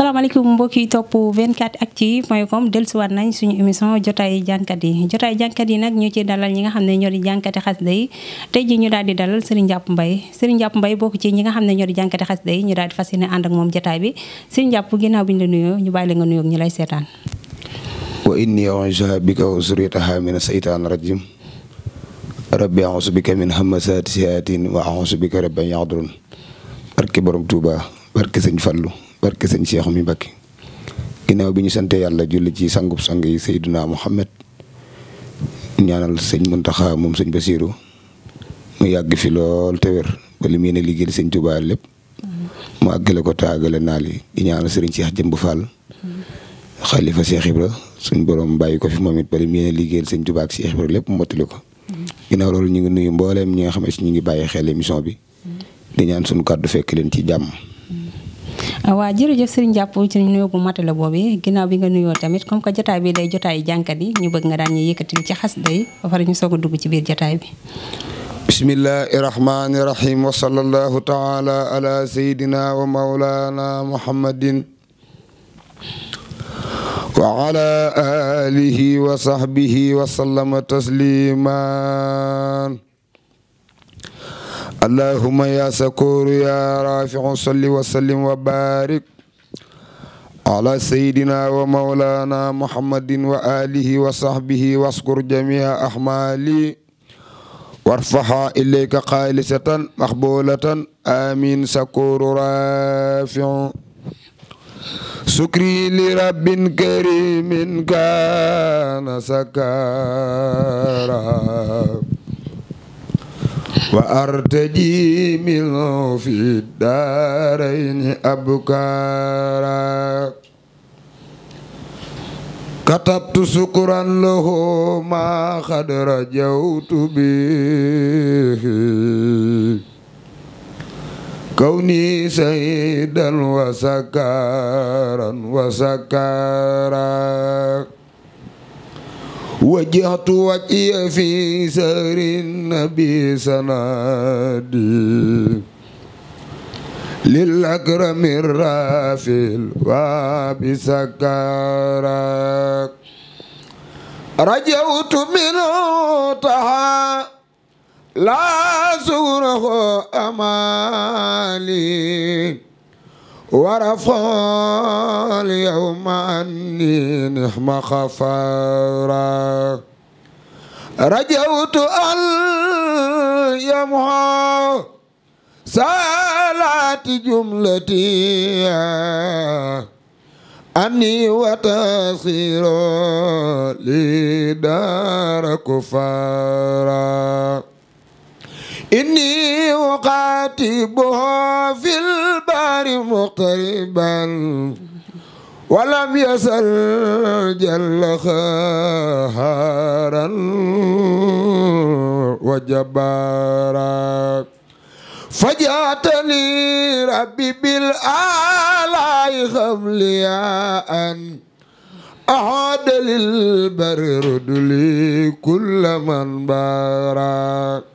salaamaaleykum mbokk yi topp 24actu point com dellusiwaat nañ suñu émission jotaayu jànkat yi jotaayu jànkat yi nag ñu ci dalal ñi nga xam ne ñoo di jànkati xasida yi tey ji ñu daal di dalal Serigne jàpp mbay Serigne Ndiap Mbaye bokk ci ñi nga xam ne ñoo di jànkati xasida yi ñu daal di fas yéene ànd ak moom jotaay bi Serigne Ndiap ginnaaw bi ñu la nuyoo ñu bàyyi la nga nuyoo ñu lay seetaan wa inni a'uuzu bika wa zurriyatahaa mina saytaani rajiim rabbi a'uuzu bika min hamazaati sayaatiin wa a'uuzu bika rabbi an yahdurun barke borom Tuuba barke Sëñ Fallu barke sëñ Cheikh mi Mbacke ginnaaw bi ñu sante yàlla julli ci sangub sang yi Seydina Muhammad ñaanal sëñ taxa moom sëñ Basiiru mu yàgg fi lool te wér ba li mu yéene liggéeyal sëñ Tuubaa lépp mu àggale ko taagale naal yi di ñaanal sëriñ Cheikh Jëmb Fall xalifa Cheikh Ibra suñ borom bàyyi ko fi moom it ba li mu yéene liggéeyal sëñ Tuubaa ak Cheikh lépp mottali ko ginnaaw loolu ñu ngi nuyu mbooleem ñi nga xam ne ñu ngi bàyyi xel émission bi di ñaan suñu kàddu fekk leen ci jàmm Ah, waaw jërëjëf Serigne Diap ci nuyoo bu matale boobu ginnaaw bi nga nuyoo tamit comme que jotaay bi day jotaayu jànkat yi ñu bëgg nga daan ñu yëkkatil ci xas day ba pare ñu soog a dugg ci biir jotaay bi. bismillahi rahmaani rahim wa sallallahu taala ala sayidina wa maulana muhammadin wa ala alihi wa sahbihi wa sallama tasliman اللهم يا سكور يا رافع صل وسلم وبارك على سيدنا ومولانا محمد وآله وصحبه واذكر جميع أحمالي وارفعها إليك قالسة مقبولة آمين سكور رافع شكري لرب كريم كان سكارا وأرتجي منه في الدارين أبكارا كتبت شكرا له ما قد رجوت به كوني سيدا وسكارا وسكارا وجهت وجهي في سهر النبي سنادي للأكرم الرافع الواب سكارك رجوت منه طه لا سوره أمالي ورفع اليوم عني نحم خفارا رجوت أن يمحو سالات جملتي أني وتصير لدار كفارا إني أقاتبه في البار مقربا ولم يزل جل خارا وجبارا فجاتني ربي بالآلاء خمليا أن أعاد للبر ردلي كل من بارك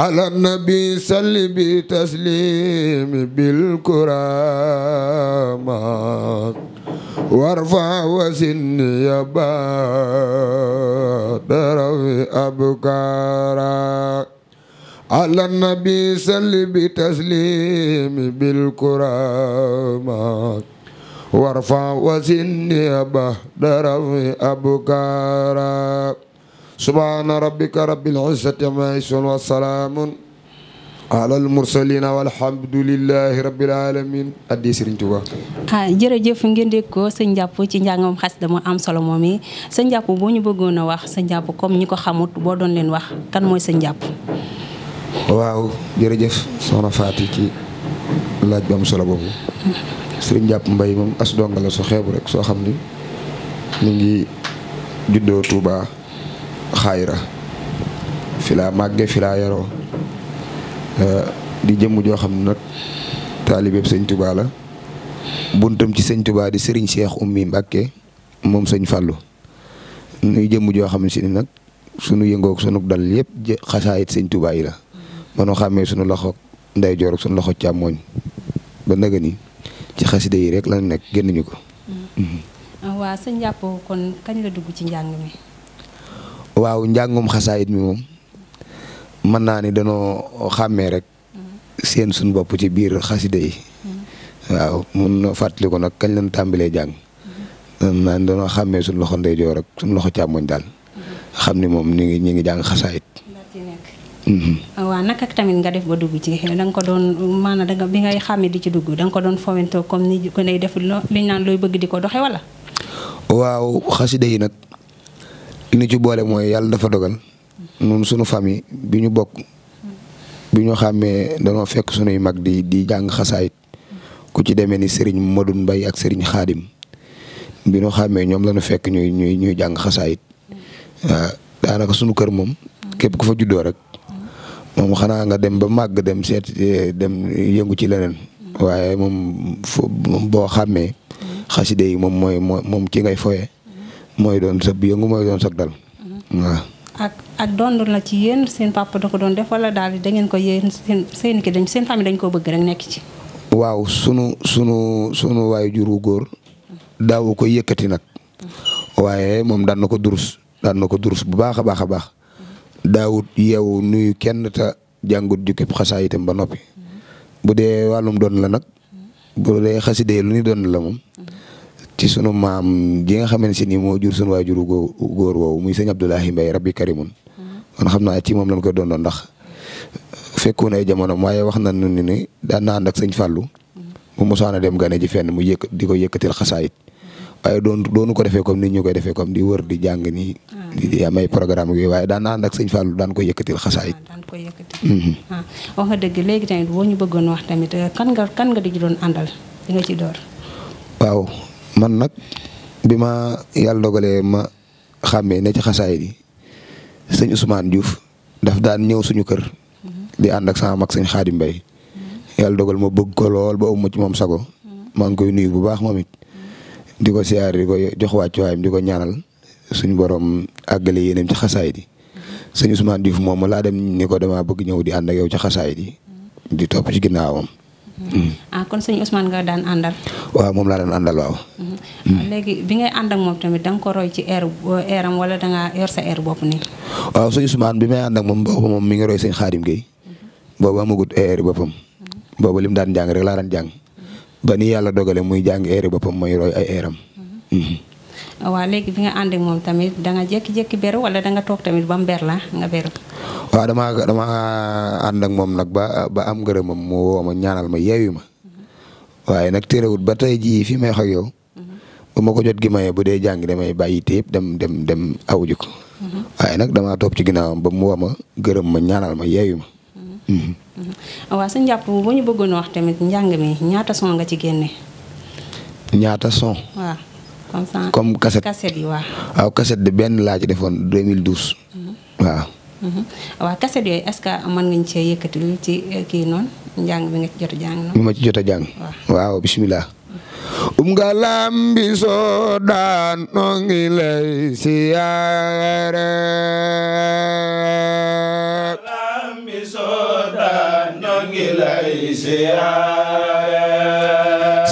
على النبي صل بتسليم بالكرامات وارفع وسن يا بدر أبكارا على النبي صل بتسليم بالكرامات وارفع وسن يا بدر أبكارا subhaana rabbika rabbil izzati ammaa yasifuun wa salaamun alal mursaliin walhamdulillahi rabbil aalamiin addi Sëriñ Tuubaa ah jërëjëf ngeen dégg ko sëñ Njàpp ci njàngam xas dama am solo sa yi Njàpp boo ñu bëggoon a wax sa Njàpp comme ñi ko xamut boo doon leen wax kan mooy sëñ Njàpp waaw jërëjëf soxna Faati ci laaj bu am solo boobu Sëriñ Mbay moom as donga la su xeebu rek soo xam ni mu ngi juddoo Tuubaa xaayira fi laa màgge fi laa yaroo euh, di jëmm joo xam ne nag taalibeeb sëñ tubaa la buntam ci sëñ tubaa di sëriñ Cheikh Oumy Mbacke moom sëñ fàllu nuy jëmm joo xam ni nag sunu yëngoog sunu dal yëpp xasaayit sëñ tubaa yi la manu xàmmee sunu loxo nday joor sunu loxo càmmooñ ba naga ni ci xaside yi rek la nekk génnuñu ko. Mm. Mm-hmm. Ah, waaw njàngum xasaayit mi moom mën naa ni danoo xàmmee rek seen suñ bopp ci biir xasida yi waaw mun na fàttaliku nag kañ lañ tàmbalee jàng naan danoo xàmmee suñ loxo ndeyjoor rek suñ loxo càmmoñ daal xam ni moom ñu ngi ñu ngi jàng xasaayit mhm. waaw naka tamit nga def ba dugg ci da nga ko doon maanaam da nga bi ngay xàmme di ci dugg danga ko doon fomentoo comme ni ko nay def liñ naan looy bëgg di ko doxe wala waaw xasida yi nag li ñu ci boole mooy yàlla dafa dogal ñun sunu famille bi ñu bokk bi ñu xàmmee danoo fekk sunuy mag di di jàng xasaayit ku ci demee ni Serigne Modou Mbaye ak sëriñ Khadim bi ñu xàmmee ñoom la ñu fekk ñuy ñuy ñuy jàng xasaayit mm. waaw daanaka sunu kër moom képp ku fa juddoo rek moom xanaa nga dem ba màgg dem seet dem yëngu ci leneen mm. waaye moom boo xàmmee mm. xaside yi moom mooy moom ci ngay foye mooy doon sa yëngu mooy doon sag dal mhm. waaw. ak ak doon la ci yéen seen papa da ko doon def wala daal da ngeen ko yéen seen seen ki dañ seen famille dañ koo bëgg rek nekk ci. waaw sunu sunu sunu waayu juru góor daawu ko yëkkati nag mhm. waaye moom daan na ko durus daan na ko durus bu baax a baax a baax mhm. daawut yeewu nuyu kenn te jàngut jukkib xasaa itam ba noppi bu dee wàllum doon la nag bu dee xasidee ni doon la moom. ci sunu maam ji nga xamante si ni moo jur sunu waajuru góor woowu muy sëñ Abdoulahi Mbaye rabbi karimun mm-hmm. man xam naa ci moom lañ koy doon ndax fekkoon ay jamono na nu na ànd ak sëñ mm-hmm. mu mosaan a dem gane ji fenn mu di ko yëkkatil xasaayit mm-hmm. waaye doon doonu ko defee comme ni ñu koy defee comme di wër di jàng nii. Ah. di amay programme yooyu waaye daan na ànd ak sëñ Fallou daan ko yëkkatil xasaayit. Ah, daan ko yëkkatil. Ah, wax nga dëgg léegi tamit boo ñu bëggoon wax tamit kan nga kan doon àndal di ci door. waaw man nag bi ma yàlla dogalee ma xàmmee ne ci xasaay bi sëñ Ousmane Diouf daf daan ñëw suñu kër. di ànd ak sama mag sëñ Xaadim Mbay yàlla dogal ma bëgg ko lool ba umma ci moom sago. maa ngi koy nuyu bu baax moom it. di ko siyaar di ko jox wàccuwaayam di ko ñaanal suñu borom àggale yéenam ci xasaay di sëñ Ousmane Diouf moom laa dem ni ko damaa bëgg ñëw di ànd ak yow ci xasaay bi. di topp ci ginnaawam. Mm-hmm. ah kon sëñ Ousmane nga daan àndal. waaw moom laa daan àndal waaw. Mm-hmm. Mm. léegi bi ngay ànd ak moom tamit da ko roy ci air wala da ngaa yor sa air bi may ànd moom moom mi ngi roy sëñ Xaadim Gueye. Mm-hmm. boobu amagut boppam. boobu lim daan jàng rek laa daan jàng. ba ni yàlla dogale muy jàng air boppam mooy roy ay airam. waaw léegi bi nga ànd moom tamit danga nga jékki beru wala da nga toog tamit ba mu ber la nga beru. waa dama damaa ànd moom nag ba ba am ngërëmam mu woo ma ñaanal ma yeewi ma waaye nag terewut ba tey jii fi may wax ak ma ko jot gi maye bu dee jàngi damay bàyyi yëpp dem dem dem awuju ko waaye nag dama topp ci ginnaawam ba mu woo ma gërëm ma ñaanal ma yeewi ma. Mm-hmm. waaw sa njàpp bu ñu bëggoon wax tamit njàng ñaata son nga ci génne. ñaata son. waaw comme kaset comme waaw. waaw de benn laa ci defoon 2012. Mm-hmm. waaw. Mhm. waaw kaset yooyu est-ce que mën nga ñu cee yëkkatil ci eh, kii noonu njàng bi nga ci jot a noonu. ma ci jot a waaw bisimilah. um nga lambi soodaan noo ngi lay siyaare um lambi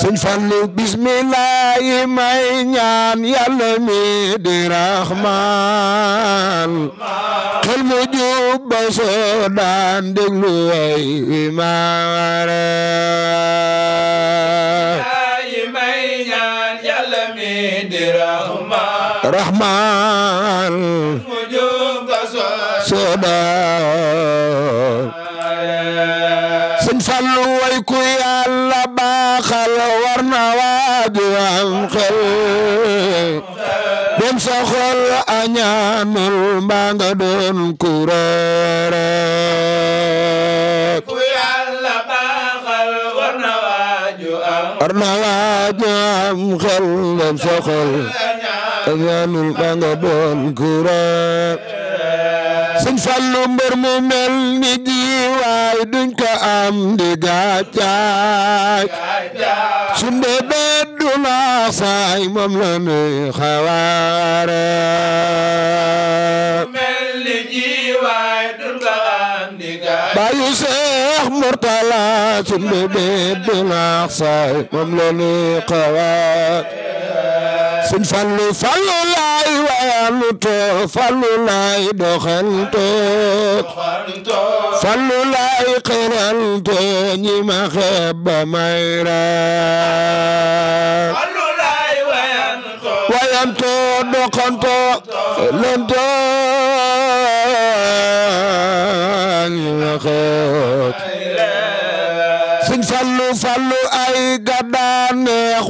sëñ Fallu bismillahi may ñaan yàlla mi di raxmaan xel mu jub ba soo daan déglu way wi maare rahman soda Fallu ku yàlla baaxal war na war na waaju am war na waaju am xel dem sa xol añaanul doon ku reere sëñ Fallu mbër mu mel ni jiwaay duñ ko am di gàccaay sunde bet du naax saay moom la nuy xawaare baayu seex murtala sunde bet du naax saay moom la nuy xawaare sëñ fallu fallu laay wayalu toog fallu laay doxantoog fallu laay xerantoo ñi ma xeeb ba may raak wayantoo doxantoo lentoo ñi ma xeeb sëñ fallu fallu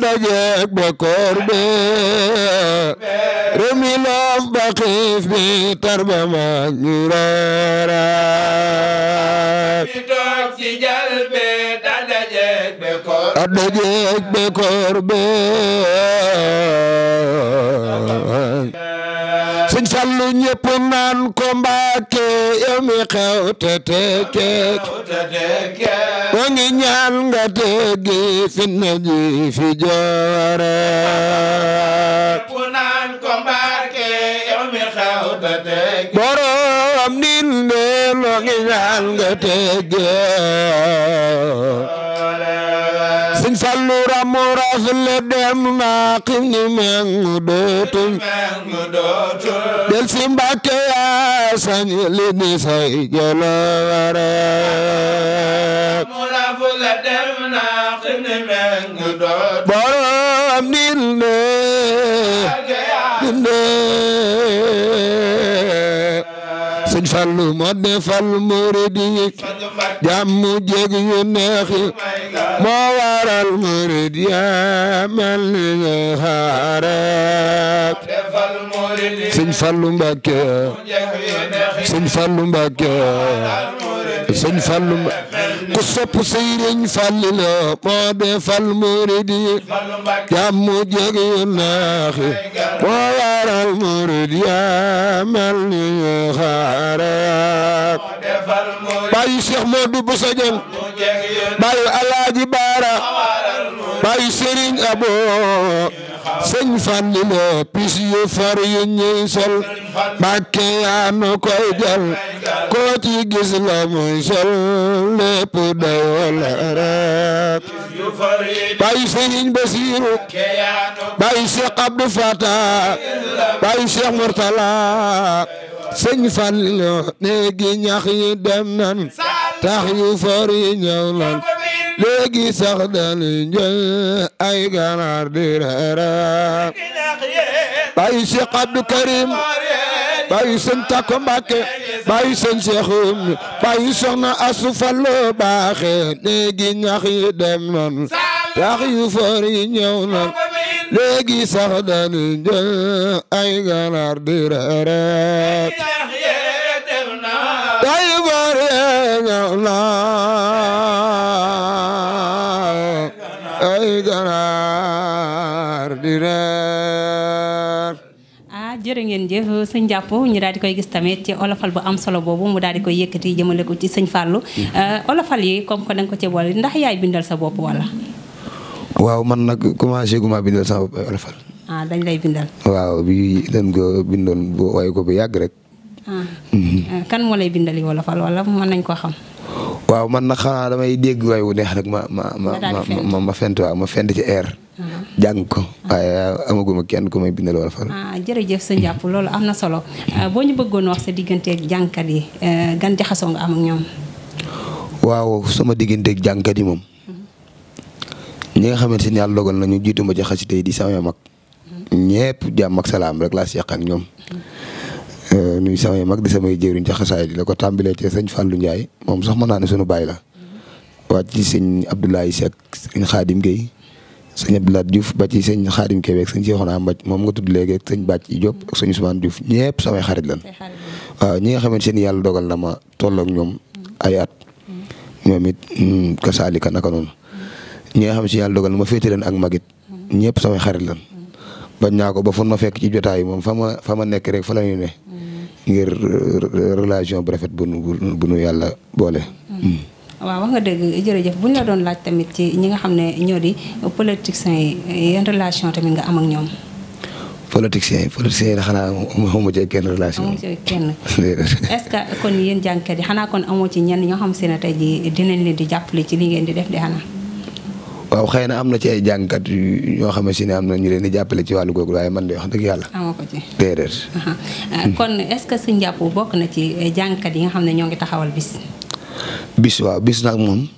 dajeek bekkoor bee réew mi laf ba xiif bi tar ba mag ñu reeraat mi toog ci jal bee da dajeek bekkoor da dajeek bekkoor bee callu ñépp naan ko Mbàkke yow mi xew te tekeek o ngi ñaan nga teggi fitna ji fi joore loo ngi ñaan nga allura muras le dem naa xim ni mengu dootul del si mbàkke yaa sañ li di say joloore muras le dem naa xim ni mengu dootul borom dinde dinde sëñ Fallu moo defal muridi jàmm jéeg yu neex yi moo waral murid yamal na xaaral sëñ Fallu Mbàkke sëñ Fallu Mbàkke sëñ Fallu Mbàkke ku sopp sëriñ Fallilo moo defal muridi jàmm jeg yu naaxi moo waral murid yaa mel ni ñu xaarak bàyyi Cheikh Modou Bousso Dieng bàyyi Alaaji Baara sëñ Fallilé pis yu far yu ñuy sol Mbàkke yaa nu koy jal ko ci gis la muy sol lépp day wala rek bay sëriñ Basiru bay Cheikh Abdou Fatah bay Cheikh Murtala sëñ Fallilé néegi ñax yi dem nan tax yu far yi ñëw lan léegi sax dañu jël ay ganaar di reere bayu Cheikh Abdou Karim bayu sëñ Tako Mbàkke bayu sëñ Cheikhoum bayu soxna Asu Fallo baaxe léegi ñax yi dem noon tax yu for yi ñëw noon léegi sax dañu jël ay ganaar di reere tayu for yi ñëw noon ay ganaar di reer ah jërë ngeen jëf sëñ jàpp ñu daa di koy gis tamit ci olofal bu am solo boobu mu daal di koy yëkkati jëmale ko ci sëñ Fallou eh, olofal yi comme que da nga ko ci ndax yaay bindal sa bopp wala waaw mën nag commencé gu ma bindal sama bopp olofal ah, dañ lay bindal waaw bi dañ bindoon boo waaye ko bu yàgg rek ah. eh, kan moo lay bindali olofal wala mën nañ ko xam waaw man nag xanaa damay dégg waay wu neex rek ma ma ma ma ma fent waaw ma fent ci air. Uh-huh. jàng ko uh-huh. waaye amaguma kenn ku may bindal fa fan. Ah, jërëjëf sa njàpp loolu am na solo ah, boo ñu bëggoon wax sa digganteeg jàngkat yi eh, gan jaxasoo nga am ñoom. waaw sama digganteek jàngkat yi moom. Uh-huh. ñi nga xamante ni yàlla dogal nañu jiitu ma ci xasida yi di sama mag. ñëpp jàmm ak salaam rek laa seq ak ñoom. Euh, nuyu samay mag di samay jëwriñ ca xasaay di la ko tàmbalee ci sëñ Fallou Ndiaye moom sax ma naa ne sunu baay la. wàcc ci sëñ Abdoulaye Seck sëñ Xaadim Guèye sëñ Abdoulaye Diouf ba ci sëñ Xaadim Guèye ak sëñ Cheikhouna Mbaj moom nga tudd léegi ak sëñ Bàcc Diop ak sëñ Ousmane samay xarit lan waaw ñi nga xamante ne yàlla dogal na ma tolloog ñoom ay at. ñoom it mm, kasaalika naka noonu. ñi nga xam si yàlla dogal na ma féete leen ak magit ñëpp samay xarit lan bañ naa ko ba fun ma fekk ci jotaay moom fa ma fa ma nekk rek fa la ñu ne. Mm-hmm. ngir relation bu rafet bu nu bu yàlla boole. Mm-hmm. Mm. waaw wax nga dëgg jërëjëf bu ñu la doon laaj tamit ci ñi nga xam ne ñoo di politiciens yi yan relation tamit nga am ak ñoom. politiciens yi politiciens yi xanaa amoo ci kenn relation. amoo ci kenn est yi xanaa kon amoo ci ñenn ñoo xam si ne tey jii dinañ leen di jàppale ci li ngeen di def de xanaa. waaw xëy na am na ci ay jàngkat yu ñoo xam ne am na ñu leen di jàppale ci wàllu googu waaye man de wax dëgg yàlla. amoo euh, kon est-ce que Sëñ Jàpp bokk na ci euh, jàngkat yi nga xam ne ñoo ngi taxawal bis. bis waaw bis nag moom.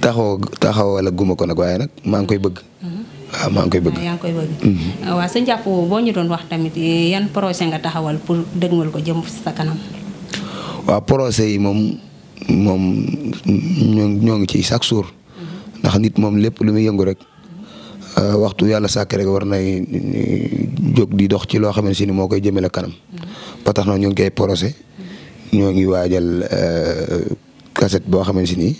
taxaw taxawal guma ko nag waaye nag maa ngi koy bëgg. Mhm. waaw maa ngi koy bëgg ah, yaa ngi koy bëgg. Mhm. Jàpp boo ñu doon wax tamit eh, yan projet nga taxawal pour dëgmal ko jëm sa kanam. waaw projet yi moom moom ñoo ngi ciy chaque jour. ndax nit moom lépp lu muy yëngu rek euh, waxtu yàlla sàkk rek war nay jóg di dox ci loo xam si ni moo koy jëmee jëmale kanam ba tax na ñu ngi koy procès ñoo ngi waajal euh, cassette boo xam si ni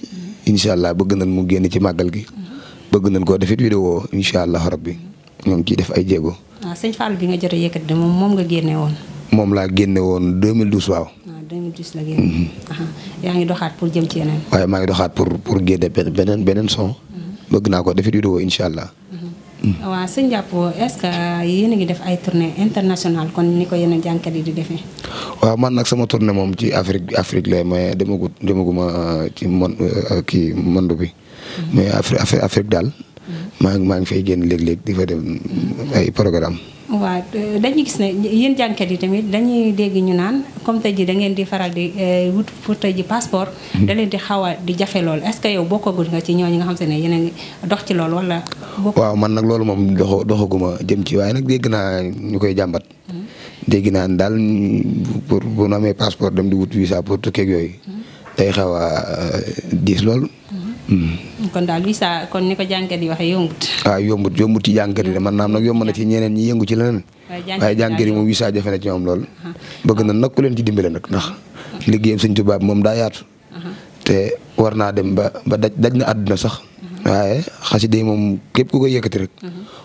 incha allah bëgg nañ mu génn ci màggal gi bëgg nañ koo defit vidéo incha allah rabbi ñoo ngi ciy def ay jéego. waaw ah, sëñ bi nga jot a yëkkati moom moom nga génne woon. moom laa génne woon lu diis la mhm. yaa ngi doxaat pour jëm ci yeneen. waaye maa ngi doxaat pour pour génne beneen beneen son. Mhm. bëgg naa ko defit vidéo incha allah. Mhm. waaw sëñ Diapo est-ce que euh, yéen ngi def ay tournée internationale kon ni ko yeneen jànkat yi di defee. waaw man nag sama tournée moom ci Afrique Afrique lay mais demagu demaguma euh, ci monde euh, kii monde bi. mais Afrique Afrique daal. maa ngi maa ngi fay génn léeg-léeg di fa def ay programme waa euh, dañuy gis ne yéen jànkat yi tamit dañuy dégg ñu naan comme tey ji da ngeen di faral di euh, wut ji passeport. Hmm. da di xaw a di jafe lool est-ce que yow bokkagul nga ci ñooñu nga xam se ne yéen a ngi dox ci lool wala. waaw man nag loolu moom dox doxaguma jëm ci waaye nag dégg naa ñu koy jàmbat. Hmm. déggi naa daal pour bu nu amee passeport dem di wut visa pour tukkeeg yooyu. Hmm. day xaw a euh, diis lool. kon daal visa kon ko jàngat yi waxee yombut. waaw ah, yombut yombut ci jàngat yi de man naam nag yomb na ci ñeneen ñi yëngu ci leneen. waaye jàngat yi moom visa jafe na ci ñoom lool. bëgg na nag leen ci dimbale nag ndax liggéeyam Sëñ Tuubaa moom daa yaatu. te war naa dem ba ba daj daj na àdduna sax. waaye xasida yi moom képp ku koy yëkkati rek.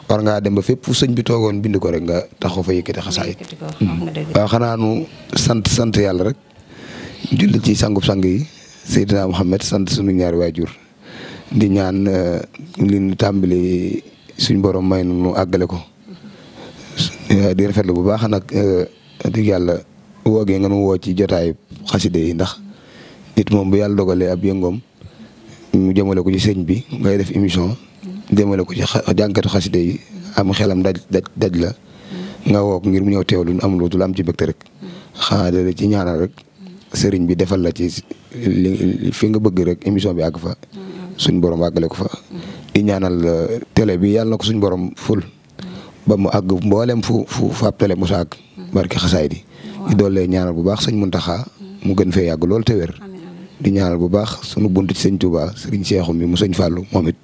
war ngaa dem ba fépp fu sëñ bi toogoon bind ko rek nga taxaw fa yëkkati xasaayit. Hmm. waaw xanaa nu sant sant yàlla rek. julli ci sangub sang yi Seydina Muhammad sant sunu ñaari di ñaan uh, li ñu suñ boroom may nu àggale ko uh, di rafetlu bu baax nag uh, dëgg yàlla woogee nga nu woo ci jotaay xaside yi ndax nit moom bu yàlla dogalee ab yëngoom mu jëmale ko ci sëñ bi ngay def émission jëmale ko ci jànkatu xaside am xelam daj daj daj la nga woog ngir mu ñëw teew teewlu am lu am ci mbégte rek xanaa da ci ñaanal rek sëriñ bi defal la ci fi nga bëgg rek émission bi àgg fa. suñ borom àggale ko fa. di ñaanal uh, télé bi yàlla ko suñ borom ful. ba mu àgg mboolem fu fu faab mu saag. barki xasaay di. di doole ñaanal bu baax sëñ Muntaxa mu gën fee yàgg lool te wér. di bu baax sunu bunt ci sëñ Touba sëriñ Seexu mi mu sëñ Fàllu moom it.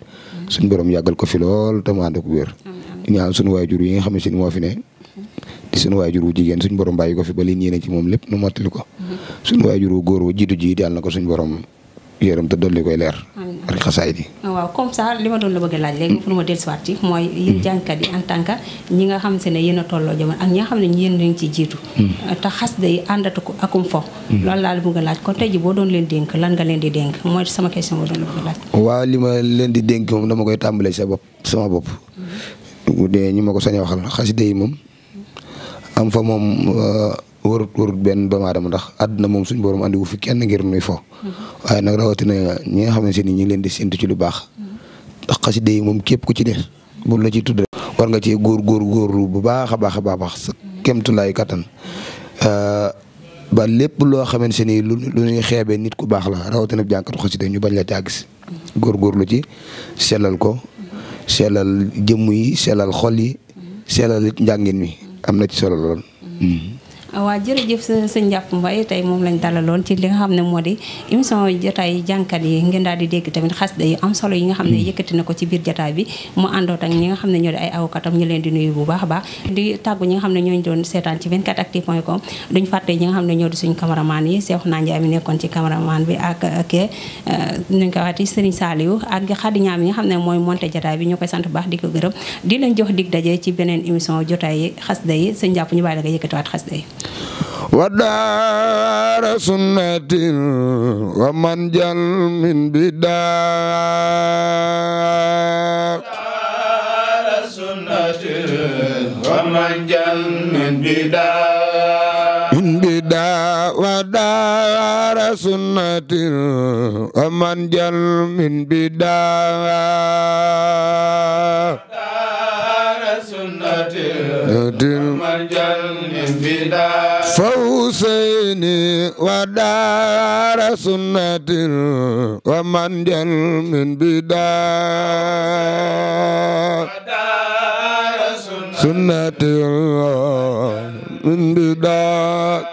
suñ borom yàggal ko fi lool te mu ànd ak wér. di ñaanal sunu waajur yi nga xam ne moo fi ne. di sunu waajur wu jigéen suñ borom bàyyi ko fi ba li ñii ci moom lépp nu mottali ko. sunu waajur wu góor wu jiitu ji na ko suñ borom yërëm te dolli koy leer. ak xasaay di ah, waaw comme ça li ma doon la bëgg a laaj léegi pour ma dellusiwaat ci mooy yéen hmm. jànkat a hmm. ah, hmm. la bëgg a laaj kon tey ji boo doon leen dénk lan nga leen la bëgg a laaj waaw li ma leen di dénk moom dama koy tàmbalee sa bopp sama bopp bu a yi moom am fa moom euh, warut warut benn doomu aadama ndax àdduna moom suñ borom andi wu fi kenn ngir nuy fo. Mm-hmm. waaye nag rawatina ñi nga xamante ni ñu ngi leen di séntu ci lu baax. Mm-hmm. ndax xasida moom képp ku ci def buñ la ci tudd rek nga cee góor góorlu bu baax a baax baax sa mm-hmm. kéemtulaay kattan. Uh, ba lépp loo xamante ni lu lu xeebee nit ku baax la rawatina jànkatu xasida ñu bañ la caa gis. góorgóorlu ci sellal ko. sellal jëmm yi sellal xol yi. sellal njàngin mi am na ci solo lool. waaw jërëjëf sëñ Ndiap Mbaye tey moom lañ dalaloon ci li nga xam ne moo di émission jotaay jànkat yi ngeen daal di dégg tamit xasida yi yi nga xam ne hmm. yëkkati na ko ci biir jotaay bi mu àndoot ak ñi nga xam ne ñoo di ay awkatam ñu leen di nuyu bu baax a baax di tàggu ñi nga xam ne ñooñu doon seetaan ci 24actu point com duñ fàtte ñi nga xam ne ñoo di suñu cameraman yi Cheikh Ndiaye mi nekkoon ci cameraman ak ke euh, nuñ ko waxati Serigne Saliou ak Khady Niam yi nga xam ne mooy monté jotaay bi ñu koy sant baax di ko gërëm di leen jox dig daje ci beneen émission jotaay yi xasida yi sëñ Ndiap ñu bàyyi la nga yëkkatiwaat xasida yi ودار سنة ومن جل من بدار دار سنة ومن جل من بدار من بدار ودار سنة ومن جل من بدار دار سنة فوسيني ودار سنة ومن جل من بدار سنة من بدار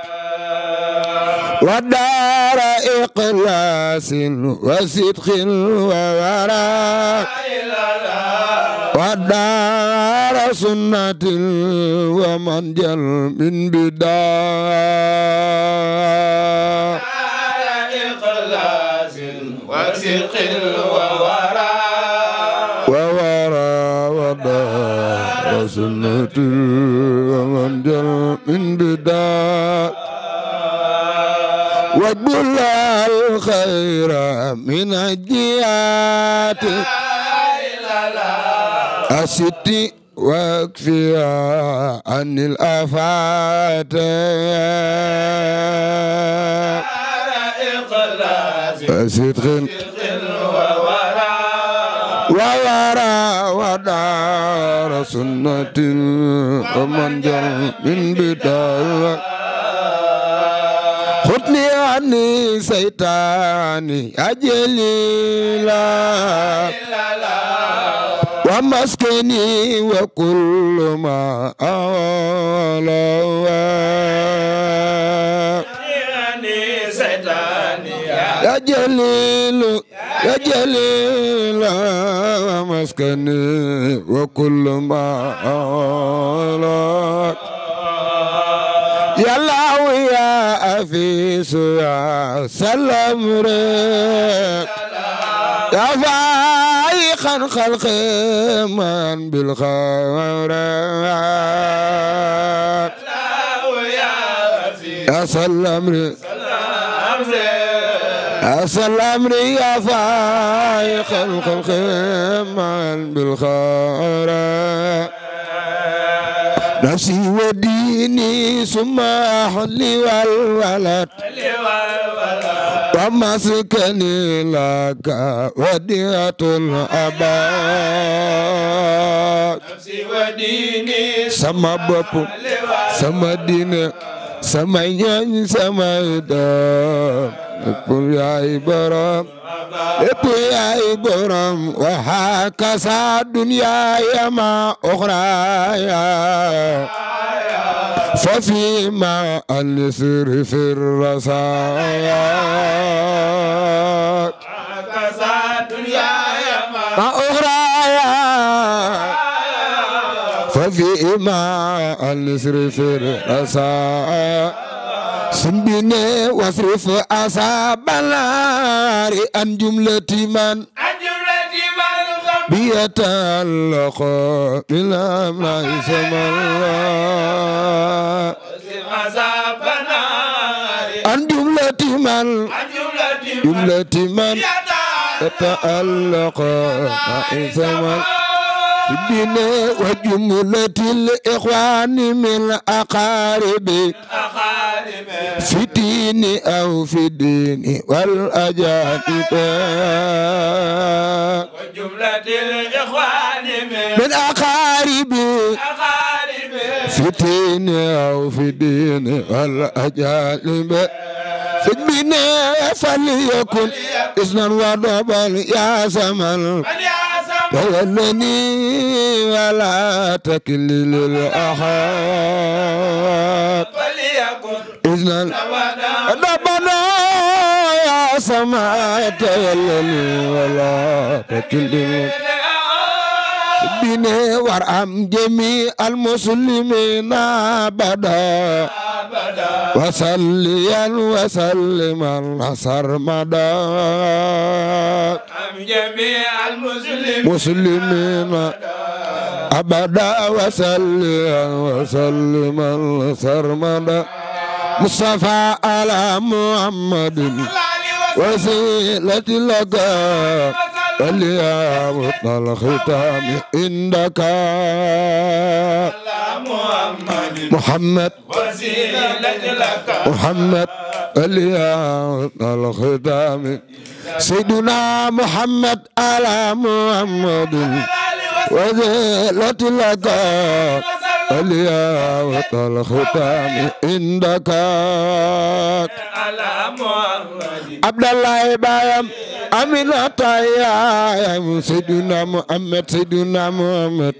ودار إقلاس وصدق ووراء ودار سنة ومن جل من بدار إقلاس وصدق ووراء ووراء ودار سنة ومن جل من بدار وادل الخير من الجيات أستي واكفيا عن الآفات صدق وورى ودار سنة ومن جر من بدار utni anni saytaani ajalila wa maskani wa kullu ma awala ya jalilu ya jalila wa maskani wa kullu ma awala yàlla في سوى سلم رك يا فايخا خلق من بالخور يا سلم رك يا سلام لي يا فايخ الخلق من بالخير نفسي وديني ثم أهلي والولد ومسكني لك وديعة الأبد نفسي وديني ثم بابو ثم ديني sama ñooñ sama doom lépp yaay borom lépp yaay borom waxa kasa dunya yama oxraya fafi ma alisir fir rasaya kasa dunya yama oxraya فيما الاسرف الاسى سنبني واصرف اسى بلار عن جملة من بيتعلق بلا ما يسمى الله عن جملة من جملة من يتعلق ما يسمى الله بنا وجملة الإخوان من أقارب في دين أو في دين والأجانب وجملة الإخوان من أقارب في دين أو في دين والأجانب سجبنا فليكن إذن وضبا يا زمن فليكن تغنني ولا تكلل الأحد إذن ربنا يا سماء تغنني ولا تكلل بني ورعم جميع المسلمين أبدا وسليا وسلما سرمدا أم جميع المسلمين مسلمين أبدا وسليا وسلما سرمدا مصطفى على محمد وسيلة لك اليا مطل الختام عندك محمد وسيلة لك محمد الياء الختام سيدنا محمد على محمد وذلت لك الياء الختام عندك عبد الله بايم أمينة يا سيدنا محمد سيدنا محمد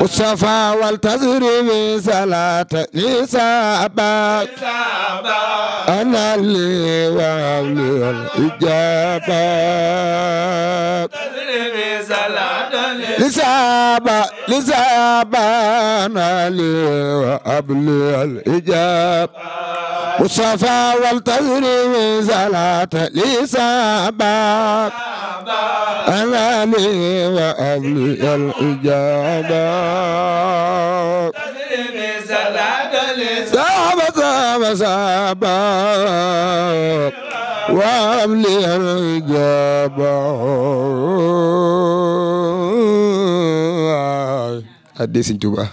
مصطفى والتزري صلاة نساء أنا لي وعلي الإجابة لسابة لسابة أنا لي وأبلي الإجابة مصطفى والتزريم زلات لسابة أنا لي وأبلي الإجابة تزريم زلات لسابة وذهب سابا واملي الجبا ادي سنتوبا